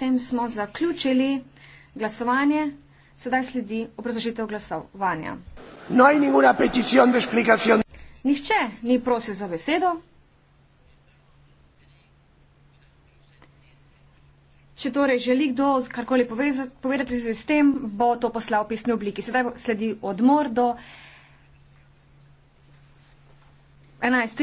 tem smo zaključili glasovanje. Sedaj sledi obrazložitev glasovanja. No Nihče ni prosil za besedo. Če torej želi kdo karkoli povedati s tem, bo to poslal v pisni obliki. Sedaj sledi odmor do 11.30.